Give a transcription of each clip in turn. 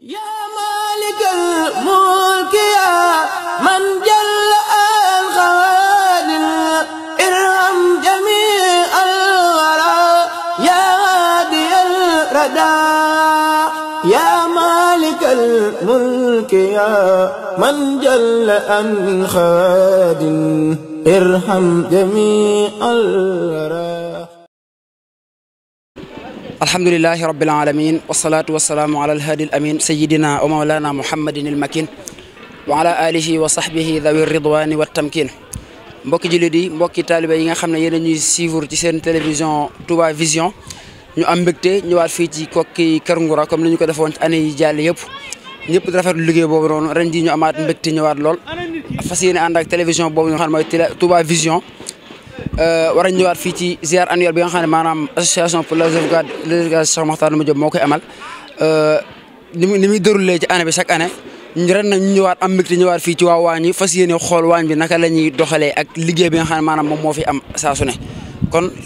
yaa maalikal mulki yaa man jalla al xawaadim irham jamii al waraa yaa haadiyal radaa yaa maalikal mulki yaa man jalla al xawaadim irham jamii al waraa alhamdulilahi rabbil alamin wasalaatu wasalaamu ala alhaadi al amin sayidina wa mawlana muhammadin il makin wa ala alihi wa sahbihi dawi ridwani wa tamkin mbokki jullit yi mbokki taalibe yi nga xam ne yéen a ñuy suivre ci seen télévision Touba Vision ñu am mbégte ñëwaat fii ci kokki Kër Ngura comme ni ñu ko defoon ci année yi jàll yëpp ñëpp di rafetlu liggéey boobu noonu ren ji ñu amaat mbégte ñëwaat lool fas yéene ànd ak télévision boobu ñu xam ne mooy Touba Vision Euh, war a ñëwaat fii ci ziar annuel bi nga xam ne maanaam association pour la sauvegarde de l'éducation Cheikh Makhtar Ndoumbé moo koy amal euh, ni muy ci année bi chaque année ren nag ñu ñëwaat am mbégte ñëwaat fii ci waa waañ yi fas yéene xool waañ bi naka la ñuy doxalee ak liggéey bi nga xam ne maanaam moom moo fi am saa su ne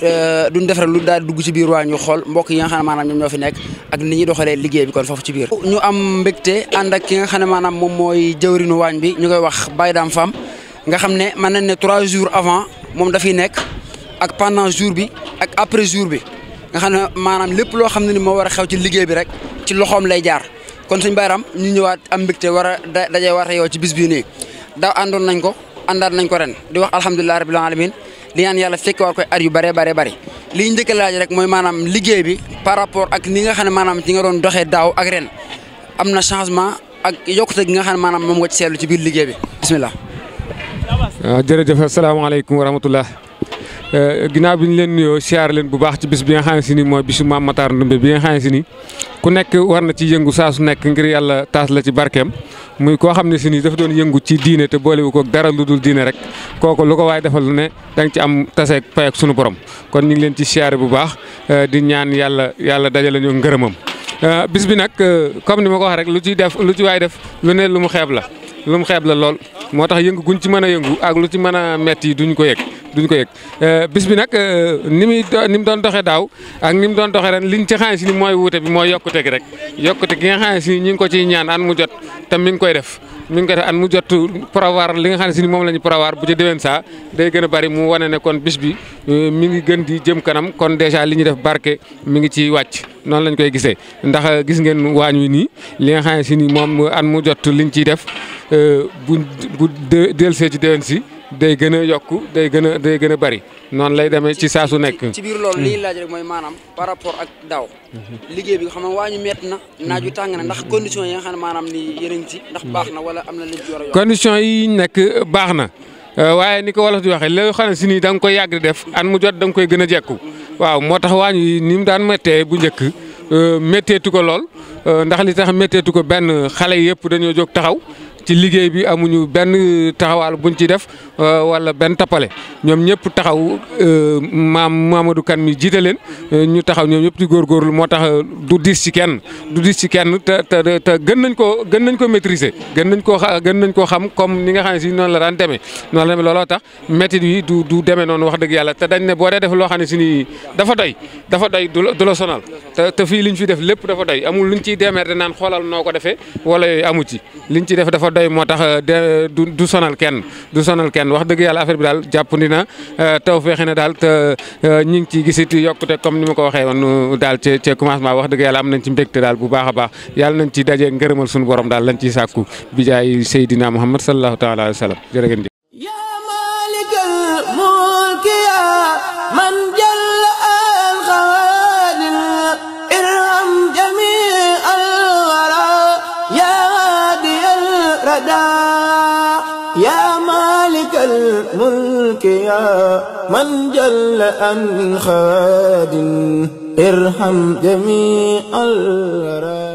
euh, lu daal dugg ci biir waañ ñu xool mbokk yi nga xam ñoo fi nekk ak ni ñuy doxalee liggéey bi kon foofu ci biir ñu am mbégte ànd ak ki nga xam ne maanaam moom mooy jëwrinu waañ bi ñu koy wax Baye Dame Fam nga xam ne mën nañ trois jours moom dafiy nekk ak pandant jour bi ak après jour bi nga xam maanaam lépp loo xam ne ni moo war a xew ci liggéey bi rek ci loxoom lay jaar kon suñ bayram ñu ñëwaat am mbégte war a daje war a yow ci bis bii nii daaw àndoon nañ ko àndaat nañ ko ren di wax alhamdulilah rabbil alamin di ñaan yàlla fekke war koy at yu bare bare bëri li ñu njëkk a laaj rek mooy maanaam liggéey bi par rapport ak ni nga xam ne maanaam ci nga doon doxee daaw ak ren am na changement ak yokkute gi nga xam ne maanaam moom nga ci seetlu ci waaw ah, jërëjëf asalaamaaleykum wa rahmatullah eh, ginnaaw bi ñu leen nuyoo siyaar leen bu baax ci bis bi nga xam ne si ni mooy bisu maam Matar Ndumbe bi nga xam ne si ni ku nekk war na ci yëngu saa su nekk ngir yàlla taas la ci barkeem muy koo xam ne si ni dafa doon yëngu ci diine te boolewu ko dara lu dul diine rek kooku lu ko waaye defal ne danga ci am taseeg pay sunu borom kon ñu ngi leen ci siyaare bu baax eh, di ñaan yàlla yàlla dajale ñu ngërëmam eh, bis bi nag comme ni ma rek lu ciy def lu ci waay def lu lu mu xeeb la. lu mu xeeb la lool moo tax yëngu guñ ci mën a yëngu ak lu ci mën a metti duñ ko yëg duñ ko yëg euh, bis bi nag euh, ni muy ni mu doon doxee daaw ak ni mu doon doxee ren liñ ci xaalis ni mooy wute bi mooy yokkute gi rek yokkute gi nga xaalis ni ñu ngi ko ciy ñaan an mu jot tam mi ngi koy def. ñu ngi ko def at mu jot prévoir li nga xam ne si moom lañu ñu bu ci déwén saa day gën a bari mu wane ne kon bis bi euh, mi ngi gën di jëm kanam kon déjà li ñu def barke mi ngi ci wàcc noonu lañ koy gisee. ndax euh, gis ngeen waañ wi nii li nga xam ne si moom an mu jot liñ ciy def euh, bu bu delsee ci déwén si. day gën a yokk day gën a day gën a bari noonu lay demee ci saa su nekk. ci biir lool li laaj rek mooy maanaam par rapport ak daaw. liggéey bi nga xam ne waa ñu métti na naaju tàng na ndax condition yi nga xam ne baax na wala am na lu ci war nekk baax na euh, waaye ni ko walla di waxee loo xam si nii da nga koy yàgg di def an mu jot danga koy gën a jekku waaw moo tax waañu ni mu daan méttee bu njëkk euh, métteetu ko lool euh, ndax li tax métteetu ko benn xale yëpp dañoo jóg taxaw. ci liggéey bi amuñu benn taxawaal buñ ci def euh, wala benn tappale ñoom ñëpp taxaw euh, maam Mamadou Kane mi jiite leen euh, ñu taxaw ñoom ñëpp di góorgóorlu moo tax du diis ci kenn du diis ci kenn te te te gën nañ koo gën nañ ko maîtriser gën nañ koo xa gën nañ koo xam comme ni nga xam ne si noonu la daan demee noonu la demee looloo tax métit yi du du demee noonu wax dëgg yàlla te dañ ne boo dee def loo xam ne si nii dafa doy dafa doy du la sonal te te fii li ñu fi def lépp dafa doy amul lu ñu ciy demeer de naan xoolal noo ko defee wala yooyu amu ci li ñu ci def dafa doy moo tax euh, du sonal kenn du sonal kenn wax dëgg yàlla affaire bi daal jàppandi na euh, taw feexe na daal te euh, ñi ngi ciy gisiti yokkute comme ni ma ko waxee woon wax dëgg yàlla am nañ ci mbégte daal bu baax a baax yàlla nañ ci dajee ngërëmal suñu borom daal lañ ciy sàkku bi jaay Seydina Muhammad sallallahu taala alayhi wa sallam jërëgeen أبدا يا مالك الملك يا من جل أن خاد ارحم جميع الرد